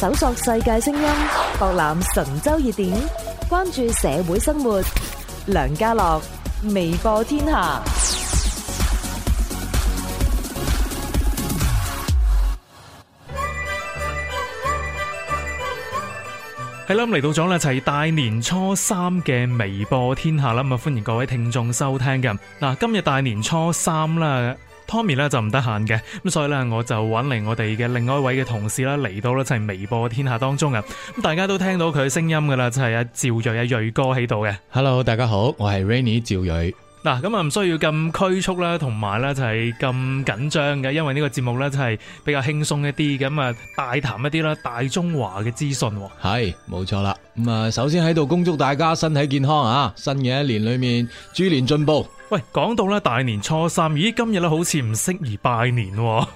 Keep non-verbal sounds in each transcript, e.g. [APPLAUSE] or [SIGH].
搜索世界聲音，博覽神州熱點，關注社會生活。梁家樂，微播天下。係啦，咁嚟到咗呢，就係大年初三嘅微播天下啦。咁啊，歡迎各位聽眾收聽嘅。嗱，今日大年初三啦。Tommy 咧就唔得閒嘅，咁所以咧我就揾嚟我哋嘅另外一位嘅同事啦，嚟到咧，就係微播天下當中啊，咁大家都聽到佢聲音噶啦，就係阿趙睿、阿睿哥喺度嘅。Hello，大家好，我係 Rainy 趙睿。嗱、啊，咁啊唔需要咁拘束啦，同埋咧就係咁緊張嘅，因為呢個節目咧就係比較輕鬆一啲，咁啊大談一啲啦大中華嘅資訊。係，冇錯啦。咁啊，首先喺度恭祝大家身體健康啊，新嘅一年裏面豬年進步。喂，講到咧大年初三，咦今日咧好似唔適宜拜年、喔，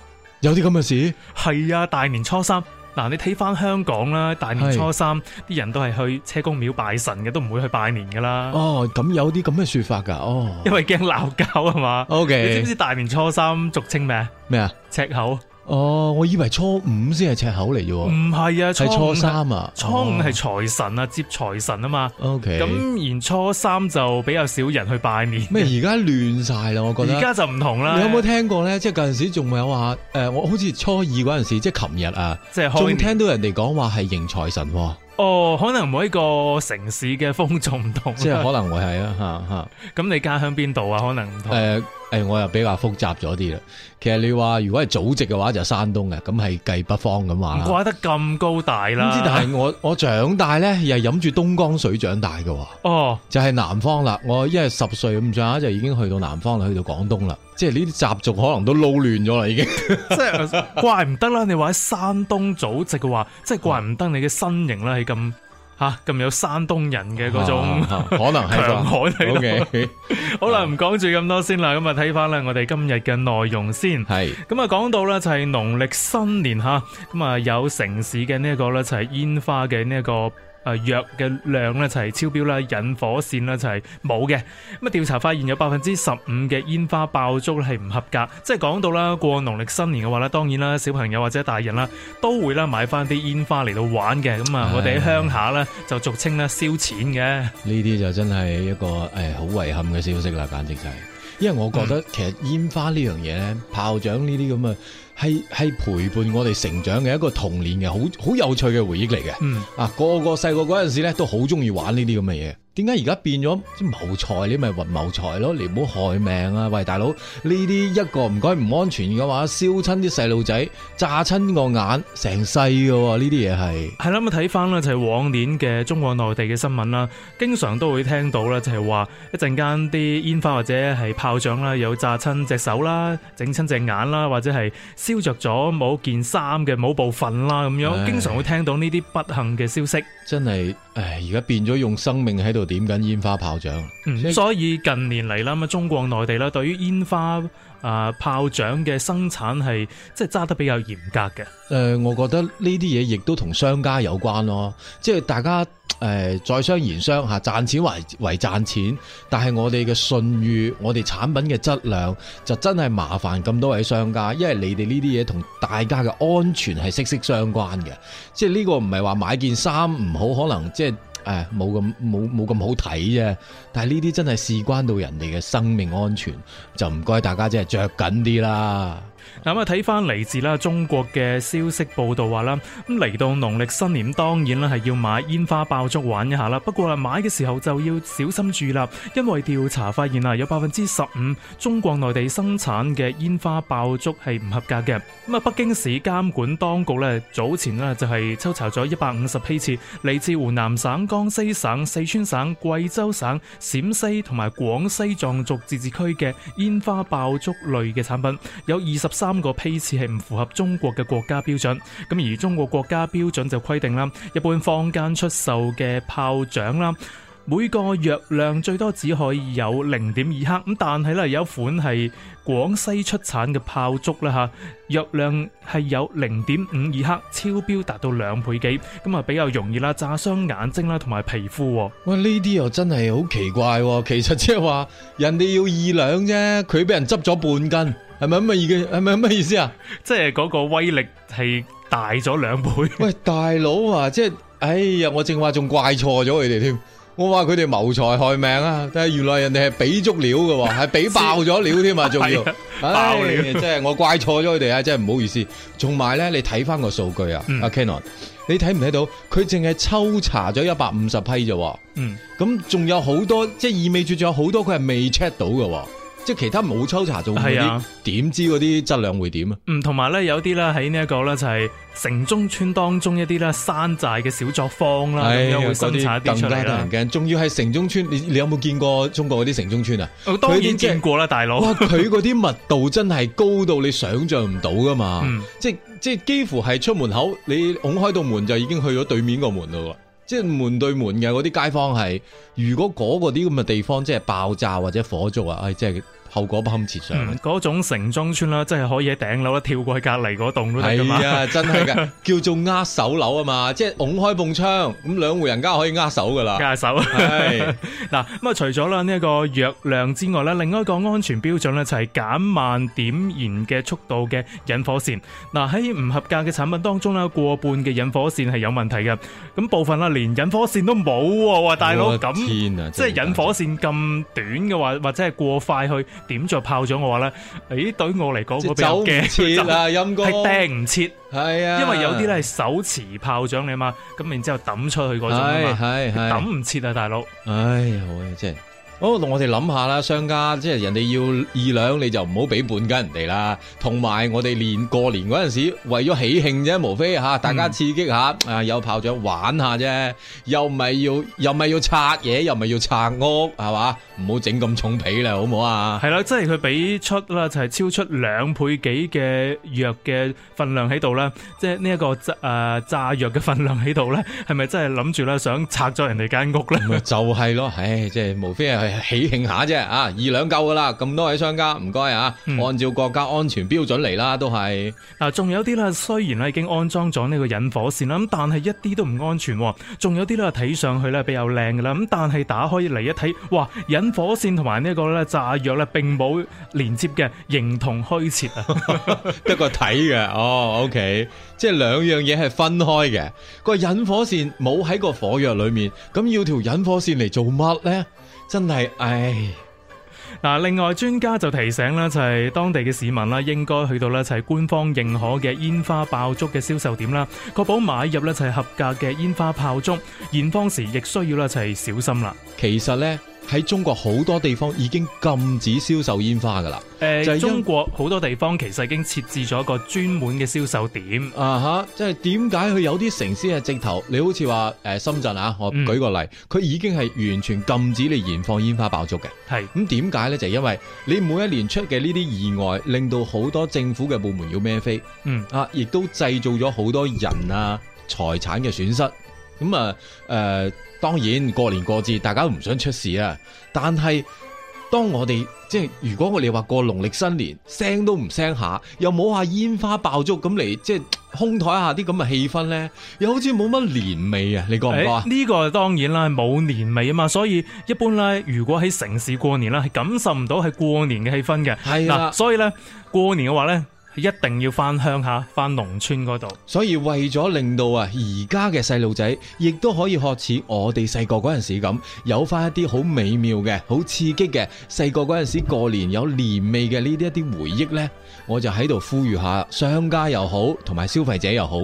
有啲咁嘅事？係 [LAUGHS] 啊，大年初三，嗱你睇翻香港啦，大年初三啲是人都係去車公廟拜神嘅，都唔會去拜年噶啦哦。哦，咁有啲咁嘅說法噶，哦，因為驚鬧交吖嘛？O K，你知唔知大年初三俗稱咩？咩啊麼？赤口。哦，我以為初五先係赤口嚟嘅，唔係啊，係初，初三啊，初五係財神啊，哦、接財神啊嘛。O K，咁然初三就比較少人去拜年。咩而家亂晒啦？我覺得而家就唔同啦。你有冇聽過咧？即係嗰陣時仲有話，誒、呃，我好似初二嗰陣時，即係琴日啊，仲聽到人哋講話係迎財神、啊。哦，可能每一個城市嘅風俗唔同，即係可能會係啊吓吓。咁、啊、你家鄉邊度啊？可能唔同、呃。誒、呃、誒，我又比較複雜咗啲啦。其實你話如果係祖籍嘅話，就係山東嘅，咁係計北方咁話。怪得咁高大啦。但係我我長大咧，又係飲住東江水長大嘅。哦，就係南方啦。我一係十歲咁上下就已經去到南方啦，去到廣東啦。即係呢啲習俗可能都撈亂咗啦，已經即係怪唔得啦。你話喺山東祖籍嘅話，即係怪唔得你嘅身形啦，係咁吓咁有山東人嘅嗰種、啊、可能係強悍喺度。Okay, [LAUGHS] 好啦，唔講住咁多先啦。咁啊，睇翻咧我哋今日嘅內容先。係咁啊，講到咧就係農曆新年吓，咁啊有城市嘅呢一個咧就係煙花嘅呢一個。啊藥嘅量咧就係超標啦，引火線啦就係冇嘅。咁啊調查發現有百分之十五嘅煙花爆竹係唔合格，即係講到啦過農曆新年嘅話咧，當然啦小朋友或者大人啦都會啦買翻啲煙花嚟到玩嘅。咁啊唉我哋喺鄉下咧就俗稱咧燒錢嘅。呢啲就真係一個誒好遺憾嘅消息啦，簡直就係。因為我覺得其實煙花呢樣嘢咧，炮仗呢啲咁嘅。係陪伴我哋成長嘅一個童年嘅好有趣嘅回憶嚟嘅，啊、嗯、個個細個嗰陣時咧都好中意玩呢啲咁嘅嘢。點解而家變咗？謀財你咪云謀財咯，你唔好害命啊！喂，大佬呢啲一個唔該唔安全嘅話，燒親啲細路仔，炸親個眼，成世嘅呢啲嘢係係啦，咁睇翻啦，就係往年嘅中國內地嘅新聞啦，經常都會聽到啦，就係話一陣間啲煙花或者係炮仗啦，有炸親隻手啦，整親隻眼啦，或者係燒着咗某件衫嘅某部分啦，咁樣唉經常會聽到呢啲不幸嘅消息。真係誒，而家變咗用生命喺度。點緊煙花炮仗，嗯，所以近年嚟啦啊，中國內地啦對於煙花啊、呃、炮仗嘅生產係即係揸得比較嚴格嘅。誒、呃，我覺得呢啲嘢亦都同商家有關咯，即係大家誒、呃、在商言商吓，賺錢為為賺錢，但係我哋嘅信譽、我哋產品嘅質量就真係麻煩咁多位商家，因為你哋呢啲嘢同大家嘅安全係息息相關嘅，即係呢個唔係話買件衫唔好，可能即係。誒，冇咁冇冇咁好睇啫，但係呢啲真係事關到人哋嘅生命安全，就唔該大家真係着緊啲啦。咁啊睇翻嚟自啦中國嘅消息報道話啦，咁嚟到農曆新年當然啦係要買煙花爆竹玩一下啦，不過啊買嘅時候就要小心注意啦，因為調查發現啊有百分之十五中國內地生產嘅煙花爆竹係唔合格嘅。咁啊北京市監管當局咧早前咧就係抽查咗一百五十批次嚟自湖南省、江西省、四川省、貴州省、陝西同埋廣西壯族自治區嘅煙花爆竹類嘅產品，有二十三個批次係唔符合中國嘅國家標準。咁而中國國家標準就規定啦，一般坊間出售嘅炮仗啦，每個藥量最多只可以有零點二克，咁但係咧有一款係廣西出產嘅炮竹啦吓，藥量係有零點五二克，超標達到兩倍幾，咁啊比較容易啦，炸傷眼睛啦，同埋皮膚。喂，呢啲又真係好奇怪，其實即係話人哋要二兩啫，佢俾人執咗半斤，係咪咁嘅？係咪咁嘅意思啊？即係嗰個威力係大咗兩倍。喂，大佬啊，即係，哎呀，我正話仲怪錯咗佢哋添。我話佢哋謀財害命啊！但係原來人哋係俾足料嘅，係俾 [LAUGHS] 爆咗料添啊！仲 [LAUGHS] 要、 [LAUGHS] 哎、爆料，即係我怪錯咗佢哋啊！真係唔好意思。同埋咧，你睇翻個數據啊，阿 Canon，你睇唔睇到？佢淨係抽查咗一百五十批啫，嗯，咁仲有好多，即係意味住仲有好多佢係未 check 到嘅。即係其他冇抽查做嗰啲，點、啊、知嗰啲質量會點啊？嗯，同埋咧，有啲咧喺呢一個咧就係、是、城中村當中一啲咧山寨嘅小作坊啦，咁樣唉會生產一啲出嚟。更加令人驚，仲要係城中村，你你、嗯、有冇見過中國嗰啲城中村啊？當然見過啦，大佬。佢嗰啲密度真係高到你想象唔到噶嘛！嗯、即係即係幾乎係出門口，你拱開到門就已經去咗對面個門嘞。即係門對門嘅嗰啲街坊係，如果嗰個啲咁嘅地方即係爆炸或者火燭啊，誒、哎，即係。後果不堪設想。嗰、嗯、種城中村啦、啊，真係可以喺頂樓跳過去隔籬嗰棟都得噶嘛。係啊，真係噶， [LAUGHS] 叫做握手樓啊嘛，即係拱開埲窗，咁兩戶人家可以握手噶啦。握手。嗱是，咁 [LAUGHS] 啊，除咗啦呢一個藥量之外咧，另外一個安全標準咧就係減慢點燃嘅速度嘅引火線。嗱、啊，喺唔合格嘅產品當中咧，過半嘅引火線係有問題嘅。咁部分啊，連引火線都冇、啊。哇，大佬咁，樣是即係引火線咁短嘅話，或者係過快去。點着炮仗我話咧，誒、哎、對於我嚟講，我比較驚，係掟唔切，係陰功啊，因為有啲咧係手持炮仗你啊嘛，咁然之後掟出去嗰種啊嘛，掟唔切啊，大佬，唉、哎，好啊，即係。哦，同我哋諗下啦，商家即係人哋要二兩，你就唔好俾半斤人哋啦。同埋我哋年過年嗰陣時，為咗喜慶啫，無非吓大家刺激下，嗯、啊有炮仗玩下啫，又唔係要又唔係要拆嘢，又唔係要拆屋，係嘛？唔好整咁重皮啦，好唔好啊？係啦，即係佢俾出啦，就係、是、超出兩倍幾嘅藥嘅份量喺度啦，即係呢一個、呃、炸啊炸藥嘅份量喺度咧，係咪真係諗住啦想拆咗人哋間屋咧？咪就係咯，唉、哎，即係無非啊。喜慶下啫啊，二兩夠噶啦，咁多位商家唔該啊，嗯、按照國家安全標準嚟啦，都係嗱，仲有啲咧，雖然咧已經安裝咗呢個引火線啦，咁但係一啲都唔安全、啊。仲有啲咧睇上去咧比較靚噶啦，咁但係打開嚟一睇，哇，引火線同埋呢、啊、 [LAUGHS] 一個咧炸藥咧，並冇連接嘅，形同虛設啊，得個睇嘅哦，OK，即係兩樣嘢係分開嘅，個引火線冇喺個火藥裏面，咁要條引火線嚟做乜咧？真係，唉！嗱，另外專家就提醒咧，就係、是、當地嘅市民啦，應該去到呢就係、是、官方認可嘅煙花爆竹嘅銷售點啦，確保買入呢就係、是、合格嘅煙花炮竹，燃放時亦需要呢就係、是、小心啦。其實呢。喺中國好多地方已經禁止銷售煙花噶啦。誒、呃，就係中國好多地方其實已經設置咗一個專門嘅銷售點啊吓。即係點解佢有啲城市係直頭？你好似話誒深圳啊，我舉個例，佢、嗯、已經係完全禁止你燃放煙花爆竹嘅。係、嗯。咁點解呢？就係、是、因為你每一年出嘅呢啲意外，令到好多政府嘅部門要孭飛。嗯。啊，亦都製造咗好多人啊財產嘅損失。咁啊，誒、嗯呃，當然過年過節，大家都唔想出事啊。但係當我哋即係如果我哋話過農曆新年，聲都唔聲下，又冇下煙花爆竹咁嚟，即係空台下啲咁嘅氣氛咧，又好似冇乜年味啊。你覺唔覺啊？呢、欸這個當然啦，冇年味啊嘛。所以一般咧，如果喺城市過年啦，係感受唔到係過年嘅氣氛嘅。係啦是、啊啊，所以咧過年嘅話咧。一定要翻鄉下，翻農村嗰度。所以為咗令到啊，而家嘅細路仔亦都可以學似我哋細個嗰陣時咁，有翻一啲好美妙嘅、好刺激嘅細個嗰陣時過年有年味嘅呢啲一啲回憶呢，我就喺度呼籲下，商家又好，同埋消費者又好，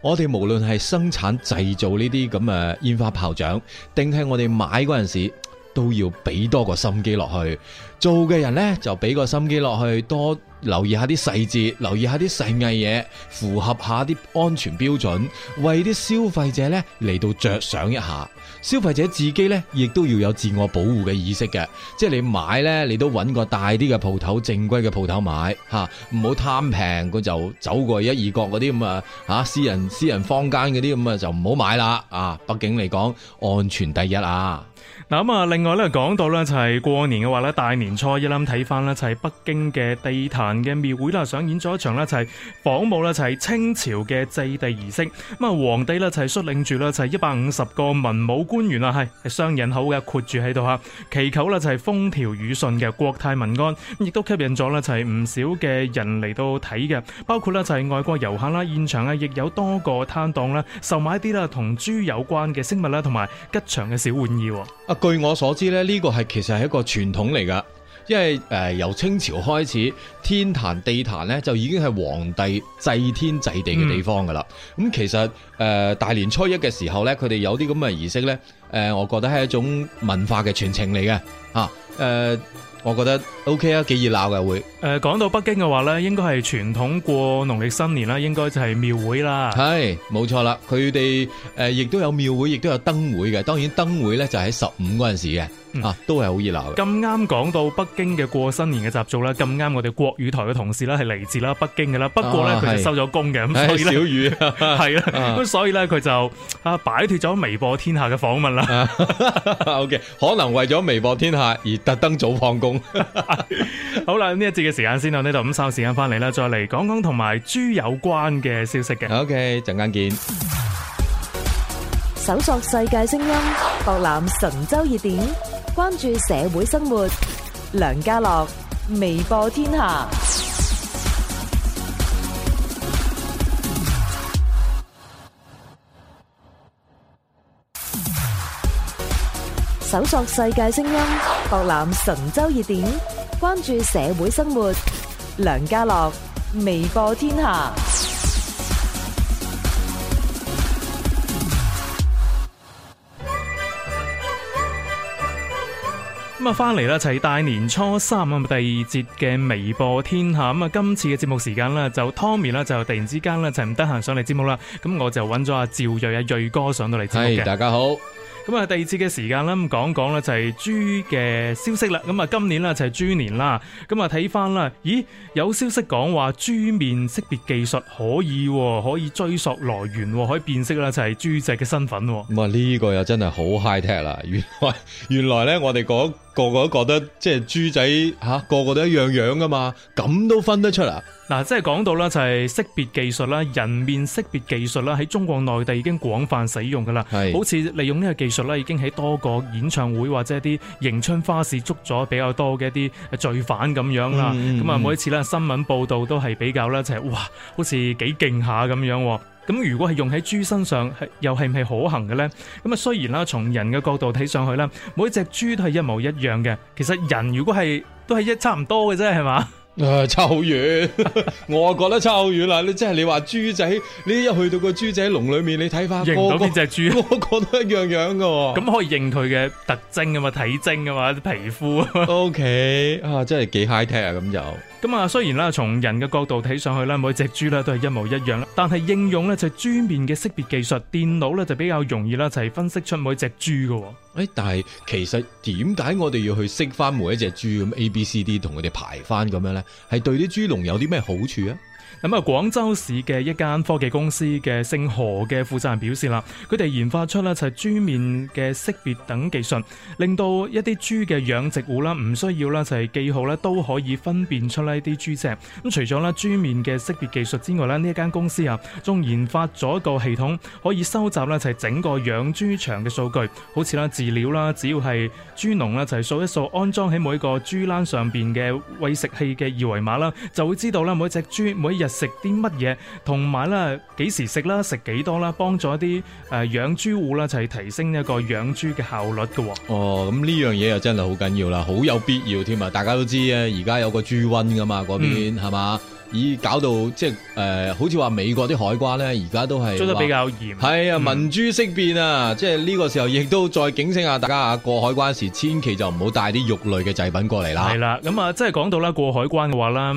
我哋無論係生產製造呢啲咁嘅煙花炮仗，定係我哋買嗰陣時，都要俾多個心機落去。做嘅人呢，就俾個心機落去多。留意下啲細節，留意下啲細藝嘢，符合下啲安全標準，為啲消費者呢嚟到着想一下。消費者自己呢亦都要有自我保護嘅意識嘅，即係你買呢，你都揾個大啲嘅鋪頭、正規嘅鋪頭買吓，唔好貪平，佢就走過去一二角嗰啲咁啊吓，私人私人坊間嗰啲咁啊就唔好買啦啊，畢竟嚟講安全第一啊！嗱咁啊，另外咧講到咧就係過年嘅話咧，大年初一啦，睇翻咧就係北京嘅地壇嘅廟會啦，上演咗一場咧就係仿冒啦，就係清朝嘅祭地儀式。咁啊，皇帝咧就係率領住咧就係一百五十個文武官員啊，係係雙人口嘅括住喺度吓祈求啦就係風調雨順嘅國泰民安，亦都吸引咗咧就係唔少嘅人嚟到睇嘅，包括啦就係外國遊客啦，現場啊亦有多個攤檔啦，售賣一啲啦同豬有關嘅飾物啦，同埋吉祥嘅小玩意。啊，據我所知咧，呢、這個係其實係一個傳統嚟噶，因為誒、呃、由清朝開始，天壇地壇呢就已經係皇帝祭天祭地嘅地方噶啦。咁、嗯、其實誒、呃、大年初一嘅時候呢，佢哋有啲咁嘅儀式呢。誒、呃，我覺得係一種文化嘅傳承嚟嘅，吓、啊，誒、呃，我覺得 O K 啊，幾熱鬧嘅會。誒、呃，講到北京嘅話咧，應該係傳統過農曆新年啦，應該就係廟會啦。係，冇錯啦，佢哋誒亦都有廟會，亦都有燈會嘅。當然燈會咧就喺十五嗰陣時嘅，吓、啊嗯、都係好熱鬧。咁啱講到北京嘅過新年嘅習俗啦，咁啱我哋國語臺嘅同事咧係嚟自啦北京嘅啦，不過咧佢哋收咗工嘅，咁所以咧、哎、小雨，係啦，咁所以咧佢 [LAUGHS] [LAUGHS] 就啊擺脫咗微播天下嘅訪問啦。啊 [LAUGHS] ，OK，可能為咗微博天下而特登早放工。 [LAUGHS] [LAUGHS] 好啦，呢一節嘅時間先到呢度，午收時間翻嚟啦，再嚟講講同埋豬有關嘅消息嘅。OK，陣間見。搜索世界聲音，博覽神州熱點，關注社會生活。梁家樂，微博天下。搜索世界聲音，博覽神州熱點，關注社會生活。梁家樂，微播天下。咁啊，翻嚟啦，就係大年初三啊，第二節嘅微播天下。咁啊，今次嘅節目時間咧，就 Tommy 咧就突然之間咧就唔得閒上嚟節目啦。咁我就揾咗阿趙睿、啊，銳哥上到嚟節目。大家好。咁啊，第二次嘅時間啦，咁講講咧就係豬嘅消息啦。咁啊，今年啦就係豬年啦。咁啊，睇翻啦，咦，有消息講話豬面識別技術可以、哦，可以追溯來源、哦，可以辨識啦，就係豬隻嘅身份、哦。咁啊，呢個又真係好 high tech 啦。原來，原來咧，我哋講。個個都覺得即係豬仔吓、啊，個個都一樣樣噶嘛，咁都分得出啊！嗱，即係講到啦，就係識別技術啦，人面識別技術啦，喺中國內地已經廣泛使用噶啦，係，好似利用呢個技術啦，已經喺多個演唱會或者一啲迎春花市捉咗比較多嘅一啲罪犯咁樣啦，咁啊、嗯嗯、每次咧新聞報道都係比較咧、就是，就係哇，好似幾勁下咁樣。咁如果係用喺豬身上，係又係唔係可行嘅呢？咁啊，雖然啦，從人嘅角度睇上去啦，每一隻豬都係一模一樣嘅。其實人如果係都係一差唔多嘅啫，係嘛？誒，差好遠， [LAUGHS] 我啊覺得差好遠啦！你即係你話豬仔，你一去到個豬仔籠裏面，你睇翻，認到邊隻豬？我覺得一樣樣噶、哦，咁可以認佢嘅特徵啊嘛，體徵啊嘛，啲皮膚啊。O K，啊，真係幾 high tech 啊！咁就咁啊、嗯，雖然啦，從人嘅角度睇上去咧，每隻豬咧都係一模一樣啦，但係應用咧就係、是、豬面嘅識別技術，電腦咧就比較容易啦，就係、是、分析出每隻豬噶。誒，但係其實點解我哋要去識翻每一隻豬咁 A、B、C、D 同佢哋排翻咁樣咧？係對啲豬農有啲咩好處啊？咁啊，廣州市嘅一間科技公司嘅姓何嘅負責人表示啦，佢哋研發出咧，就係豬面嘅識別等技術，令到一啲豬嘅養殖戶啦，唔需要啦就係記號咧都可以分辨出呢啲豬隻，咁除咗啦豬面嘅識別技術之外咧，呢一間公司啊仲研發咗一個系統，可以收集咧就係整個養豬場嘅數據，好似啦飼料啦，只要係豬農啦就係掃一掃，安裝喺每一個豬欄上邊嘅餵食器嘅二維碼啦，就會知道啦每隻豬每。日食啲乜嘢，同埋咧幾時食啦，食幾多啦，幫助一啲誒養豬戶啦，就係、是、提升一個養豬嘅效率噶。哦，咁呢、哦、樣嘢又真係好緊要啦，好有必要添啊！大家都知啊，而家有個豬瘟噶嘛，嗰邊係嘛，咦、嗯，搞到即係誒、呃，好似話美國啲海關咧，而家都係捉得比較嚴。係啊，聞豬色變啊，嗯、即係呢個時候亦都再警醒下大家啊，過海關時千祈就唔好帶啲肉類嘅製品過嚟啦。係啦，咁啊，即係講到啦，過海關嘅話啦。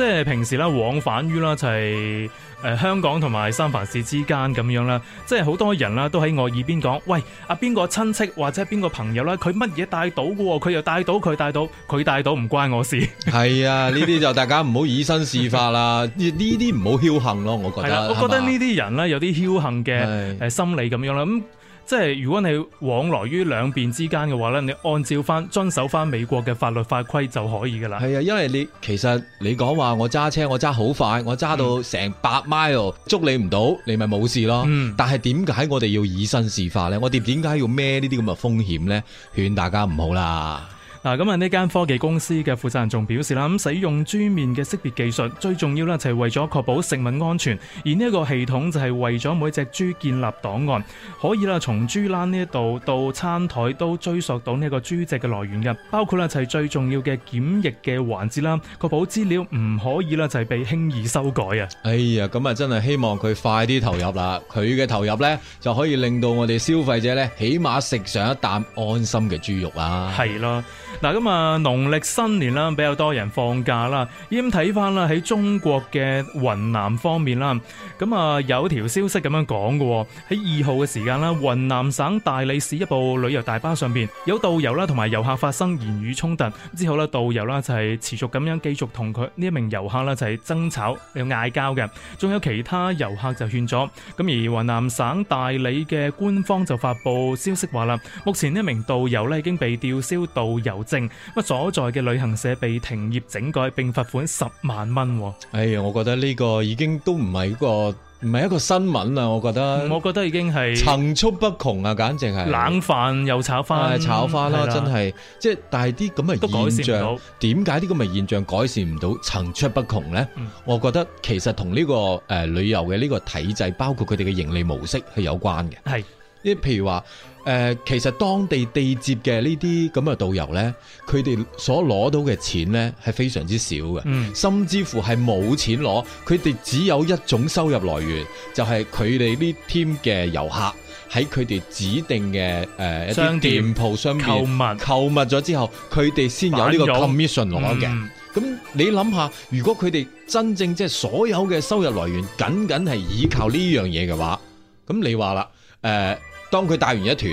即係平時啦，往返於啦就係誒香港同埋三藩市之間咁樣啦。即係好多人啦，都喺我耳邊講：喂，阿邊個親戚或者邊個朋友啦，佢乜嘢帶到嘅喎，佢又帶到，佢帶到，佢帶到，唔關我事。係 [LAUGHS] 啊，呢啲就大家唔好以身試法啦，呢啲唔好僥倖咯。我覺得係啦、啊，我覺得呢啲人咧有啲僥倖嘅誒心理咁樣啦。咁是、嗯即係如果你往來於兩邊之間嘅話咧，你按照翻遵守翻美國嘅法律法規就可以噶啦。係啊，因為你其實你講話我揸車我揸好快，我揸到成百 mile、嗯、捉你唔到，你咪冇事咯。但係點解我哋要以身試法咧？我哋點解要孭呢啲咁嘅風險咧？勸大家唔好啦。嗱咁啊，呢間科技公司嘅負責人仲表示啦，咁使用豬面嘅識別技術最重要咧就係為咗確保食物安全。而呢個系統就係為咗每隻豬建立檔案，可以啦，從豬欄呢一度到餐台都追溯到呢個豬隻嘅來源嘅，包括啦就係最重要嘅檢疫嘅環節啦，確保資料唔可以啦就係被輕易修改啊。哎呀，咁啊真係希望佢快啲投入啦，佢嘅投入咧就可以令到我哋消費者咧起碼食上一啖安心嘅豬肉啊！係啦。嗱咁啊，農曆新年啦，比較多人放假啦。而家睇翻啦，喺中國嘅雲南方面啦，咁啊有條消息咁樣講嘅，喺二號嘅時間啦，雲南省大理市一部旅遊大巴上邊有導遊啦同埋遊客發生言語衝突，之後咧導遊啦就係持續咁樣繼續同佢呢一名遊客啦就係爭吵有嗌交嘅，仲有其他遊客就勸阻，咁而雲南省大理嘅官方就發布消息話啦，目前呢一名導遊咧已經被吊銷導遊證乜所在嘅旅行社被停業整改並罰款十萬蚊。哎呀，我覺得呢個已經都唔係一個唔係一個新聞啊。我覺得，我覺得已經係層出不窮啊，簡直係冷飯又炒翻，哎，炒翻啦，的真係。即係但係啲咁嘅現象，點解啲咁嘅現象改善唔到，層出不窮咧？嗯、我覺得其實同呢個誒旅遊嘅呢個體制，包括佢哋嘅盈利模式係有關嘅。係的，即係譬如話。誒、呃，其實當地地接嘅呢啲咁嘅導遊咧，佢哋所攞到嘅錢咧係非常之少嘅，嗯、甚至乎係冇錢攞。佢哋只有一種收入來源，就係佢哋呢 team 嘅遊客喺佢哋指定嘅誒一啲店鋪上面購物，購物咗之後，佢哋先有呢個 commission 攞嘅。咁、嗯、你諗下，如果佢哋真正即係所有嘅收入來源僅僅係依靠呢樣嘢嘅話，咁你話啦，誒、呃。當佢帶完一團，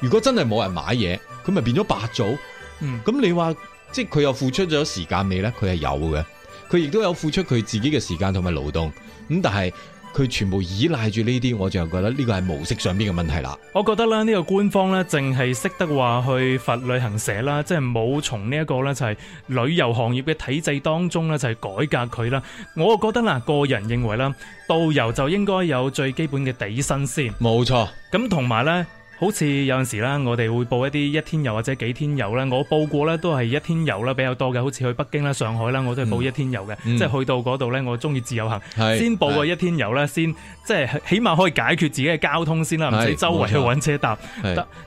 如果真係冇人買嘢，佢咪變咗白做？咁、嗯、你話，即係佢又付出咗時間未咧？佢係有嘅，佢亦都有付出佢自己嘅時間同埋勞動。咁但係，佢全部倚賴住呢啲，我就覺得呢個係模式上邊嘅問題啦。我覺得咧，呢個官方呢，淨係識得話去罰旅行社啦，即係冇從呢一個呢，就係旅遊行業嘅體制當中呢，就係改革佢啦。我覺得嗱，個人認為啦，導遊就應該有最基本嘅底薪先。冇錯，咁同埋呢。好似有陣時啦，我哋會報一啲一天遊或者幾天遊啦。我報過咧都係一天遊啦，比較多嘅，好似去北京啦、上海啦，我都係報一天遊嘅。嗯、即係去到嗰度咧，我中意自由行，是先報個一天遊啦，是先即係起碼可以解決自己嘅交通先啦，唔使是周圍去揾車搭。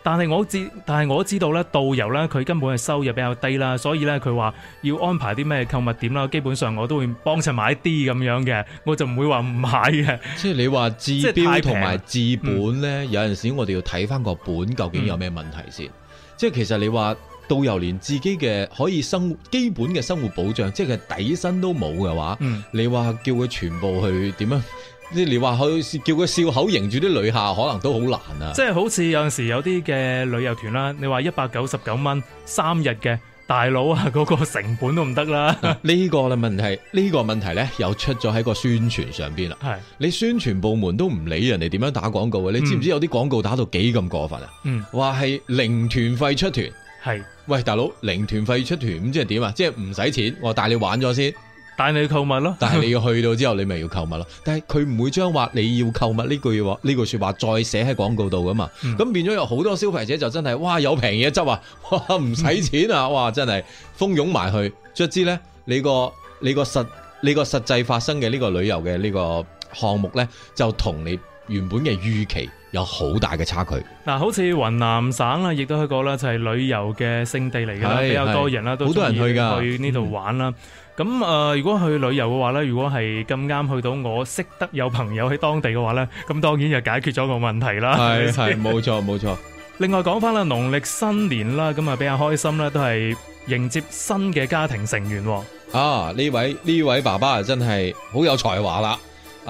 但係我知，但係我知道咧，導遊咧佢根本係收入比較低啦，所以咧佢話要安排啲咩購物點啦，基本上我都會幫襯買啲咁樣嘅，我就唔會話唔買嘅。即係你話治標同埋治本咧，嗯、有陣時我哋要睇翻，個本究竟有咩問題先？嗯、即係其實你話導遊連自己嘅可以生活、基本嘅生活保障，即係佢底薪都冇嘅話，嗯、你話叫佢全部去點樣？即係你話去叫佢笑口迎住啲旅客，可能都好難啊！即係好似有陣時有啲嘅旅遊團啦，你話一百九十九蚊三日嘅。大佬啊，嗰個，個成本都唔得啦。呢、 [LAUGHS] 啊呢個咧問題，呢、呢個問題呢又出咗喺個宣傳上邊啦。係是，你宣傳部門都唔理人哋點樣打廣告啊，嗯、你知唔知有啲廣告打到幾咁過分啊？嗯，話係零團費出團。係是，喂，大佬，零團費出團咁即係點啊？即係唔使錢，我帶你玩咗先。帶你要購物咯， [LAUGHS] 但係你要去到之後，你咪要購物咯。但係佢唔會將話你要購物呢句呢句說話再寫喺廣告度噶嘛。咁、嗯、變咗有好多消費者就真係，哇！有平嘢執啊，哇！唔使錢啊，哇！真係蜂擁埋去，總之咧，你個你個實你個實際發生嘅呢個旅遊嘅呢個項目咧，就同你。原本嘅預期有好大嘅差距。嗱，好似雲南省啦，亦都去過啦，就係旅遊嘅勝地嚟噶啦，比較多人啦，都好多人去噶去呢度玩啦。咁誒，如果去旅遊嘅話咧，如果係咁啱去到我識得有朋友喺當地嘅話咧，咁當然就解決咗個問題啦。係係，冇錯冇錯。另外講返啦，農曆新年啦，咁啊比較開心啦，都係迎接新嘅家庭成員。啊，呢位呢位爸爸啊，真係好有才華啦！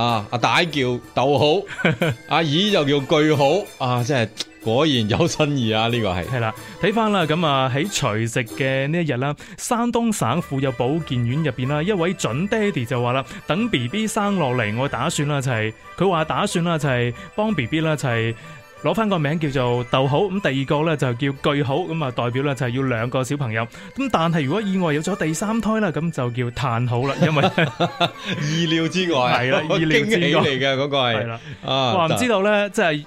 啊！阿大叫逗號，阿姨就叫句號。啊，真係果然有新意啊！呢、這個係係啦，睇翻啦，咁啊喺除夕嘅呢一日啦，山東省婦幼保健院入邊啦，一位準爹哋就話啦，等 B B 生落嚟，我打算啦就係、是，佢話打算啦就係、是、幫 B B 啦就係、是。攞翻個名叫做逗號咁，第二個咧就叫句號咁啊，代表咧就係要兩個小朋友。咁但係如果意外有咗第三胎啦，咁就叫嘆號啦，因為意料之外係啦，驚喜嚟嘅嗰個係啦。哇，唔、啊、知道咧，即係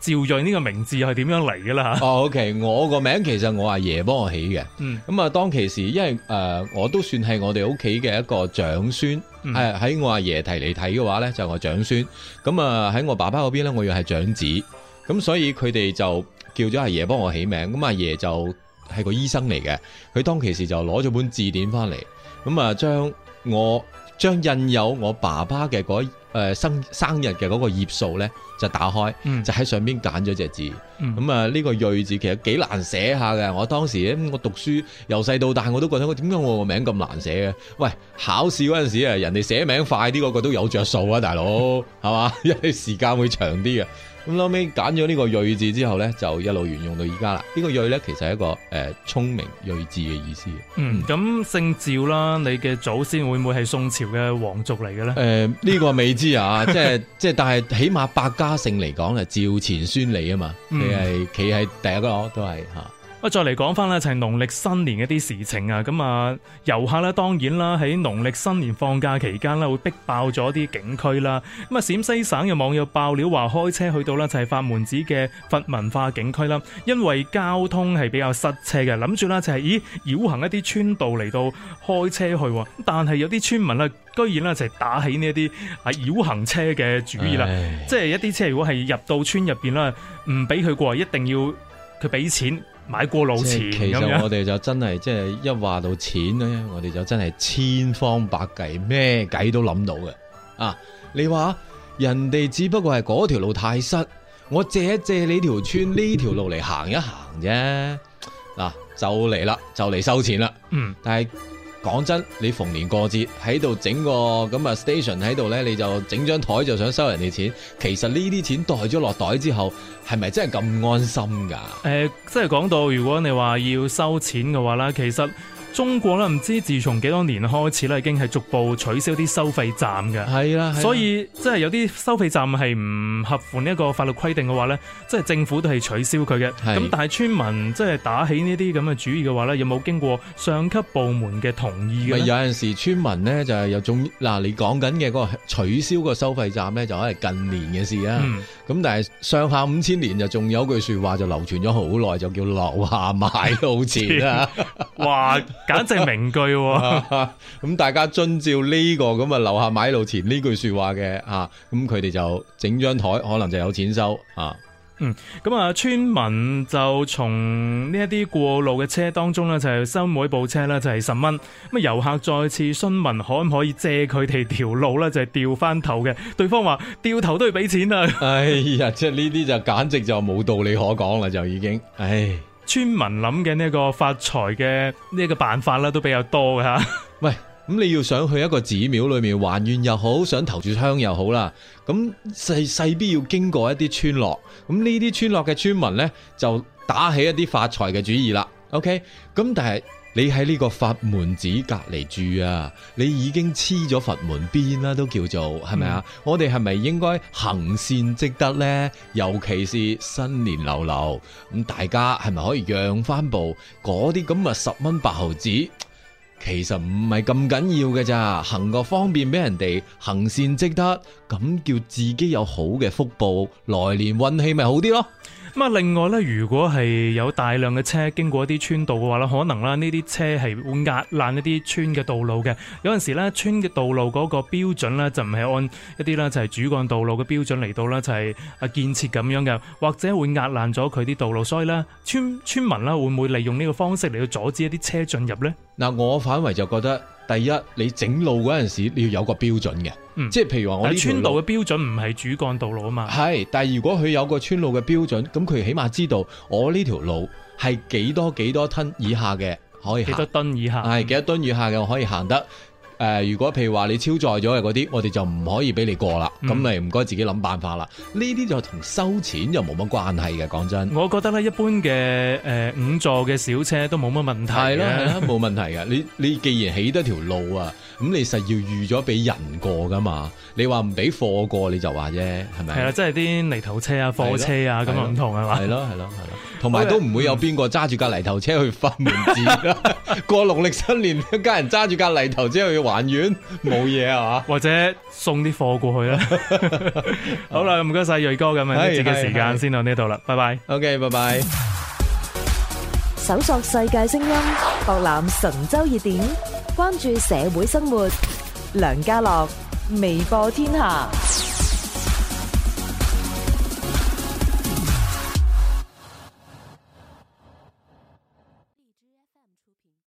趙瑞呢個名字係點樣嚟噶啦？哦，OK，我個名其實我阿爺幫我起嘅。咁啊、嗯，當其時因為誒、呃，我都算係我哋屋企嘅一個長孫。係喺、嗯、我阿爺提嚟睇嘅話咧，就係我長孫。咁啊，喺我爸爸嗰邊咧，我又係長子。咁所以佢哋就叫咗阿爺幫我起名，咁阿爺，爺就係個醫生嚟嘅，佢當其時就攞咗本字典返嚟，咁啊將我將印有我爸爸嘅嗰。誒，生生日嘅嗰個頁數咧，就打開，嗯、就喺上邊揀咗隻字。咁啊、嗯，呢個睿字其實幾難寫下嘅。我當時我讀書由細到大，我都覺得我點解我個名咁難寫嘅？喂，考試嗰陣時啊，人哋寫名快啲嗰個都有着數啊，大佬，係嘛 [LAUGHS] 是吧？ [LAUGHS] 因為時間會長啲嘅。咁後尾揀咗呢個睿字之後咧，就一路沿用到而家啦。這個、呢個睿咧，其實係一個誒聰、呃、明睿智嘅意思。嗯、咁、嗯、姓趙啦，你嘅祖先會唔會係宋朝嘅皇族嚟嘅咧？誒，呢個未。知啊，即係即係，但係起碼百家姓嚟講咧，趙錢孫李啊嘛，佢係企喺第一個都係吓。再嚟講翻咧，就係農曆新年嘅啲事情啊！咁啊，遊客咧當然啦，喺農曆新年放假期間咧，會逼爆咗啲景區啦。咁啊，陝西省嘅網友爆料話，開車去到呢就係法門寺嘅佛文化景區啦。因為交通係比較塞車嘅，諗住咧就係咦，繞行一啲村道嚟到開車去。但係有啲村民呢，居然呢就係打起呢一啲係繞行車嘅主意啦。唉即係一啲車如果係入到村入邊啦，唔俾佢過，一定要佢俾錢。買過路錢，其實我哋就真係，即係 [LAUGHS] 一話到錢咧，我哋就真係千方百計咩計都諗到嘅。啊，你話人哋只不過係嗰條路太塞，我借一借你條村呢條路嚟行一行啫。嗱、啊，就嚟啦，就嚟收錢啦。嗯，但係。講真，你逢年過節喺度整個咁嘅 station 喺度咧，你就整張台就想收人哋錢，其實呢啲錢袋咗落袋之後，係咪真係咁安心噶？誒、呃，即係講到如果你話要收錢嘅話咧，其實。中國咧，唔知自從幾多年開始咧，已經係逐步取消啲收費站嘅。係啦的，所以的即係有啲收費站係唔合乎呢一個法律規定嘅話咧，即係政府都係取消佢嘅。咁的但係村民即係打起呢啲咁嘅主意嘅話咧，有冇經過上級部門嘅同意啊？有陣時村民呢就係、是、有種嗱、啊，你講緊嘅嗰個取消個收費站咧，就係、是、近年嘅事啊。咁、嗯、但係上下五千年就仲有句說話就流傳咗好耐，就叫樓下買路錢啊！哇！ [LAUGHS] 簡直名句、哦 [LAUGHS] 啊，咁大家遵照呢、這個咁啊留下買路錢呢句說話嘅啊，咁佢哋就整張台可能就有錢收啊嗯。嗯，咁啊村民就從呢一啲過路嘅車當中呢，就係、是、收每一部車呢，就係十蚊。咁啊遊客再次詢問可唔可以借佢哋條路呢？就係掉翻頭嘅，對方話掉頭都要俾錢啊。哎呀，即係呢啲就簡直就冇道理可講啦，就已經，唉、哎。村民諗嘅呢一個發財嘅呢一個辦法啦，都比較多嘅吓。 [LAUGHS] 喂，咁你要想去一個寺廟裏面還願又好，想投住香又好啦，咁勢勢必要經過一啲村落，咁呢啲村落嘅村民呢，就打起一啲發財嘅主意啦。OK，咁但係。你喺呢個佛門寺隔籬住啊，你已經黐咗佛門邊啦，都叫做係咪啊？嗯，我哋係咪應該行善積德呢？尤其是新年流流，咁大家係咪可以讓翻步？嗰啲咁啊十蚊八毫子，其實唔係咁緊要嘅咋，行個方便俾人哋，行善積德，咁叫自己有好嘅福報，來年運氣咪好啲咯。咁啊，另外咧，如果係有大量嘅車經過一啲村道嘅話咧，可能咧呢啲車係會壓爛一啲村嘅道路嘅。有陣時咧，村嘅道路嗰個標準咧就唔係按一啲咧就係主幹道路嘅標準嚟到咧就係啊建設咁樣嘅，或者會壓爛咗佢啲道路，所以咧村村民咧會唔會利用呢個方式嚟到阻止一啲車進入咧？嗱，我反為就覺得。第一，你整路嗰陣時你要有個標準嘅，嗯、即係譬如話我呢村道嘅標準唔係主幹道路啊嘛。係，但係如果佢有個村路嘅標準，咁佢起碼知道我呢條路係幾多幾多噸以下嘅可以。幾多噸以下？嗯、係幾多噸以下嘅，我可以行得。誒、呃，如果譬如話你超載咗嘅嗰啲，我哋就唔可以俾你過啦。咁咪唔該自己諗辦法啦。呢啲，就同收錢又冇乜關係嘅，講真。我覺得咧，一般嘅誒、呃、五座嘅小車都冇乜問題。係咯係咯，冇問題噶。你你既然起得條路啊，咁你實要預咗俾人過噶嘛？你話唔俾貨過你就話啫，係咪？係啦，即係啲泥頭車啊、貨車啊咁啊唔同係嘛？係咯係咯係咯，同埋都唔會有邊個揸住架泥頭車去發文字啦。 [LAUGHS] 過農曆新年一家人揸住架泥頭車去還遠冇嘢啊，或者送啲貨過去啦。好啦，唔該晒瑞哥，今日嘅時間先到呢度啦，拜拜。OK，拜拜。搜索世界聲音，博覽神州熱點，關注社會生活。梁家樂，微播天下。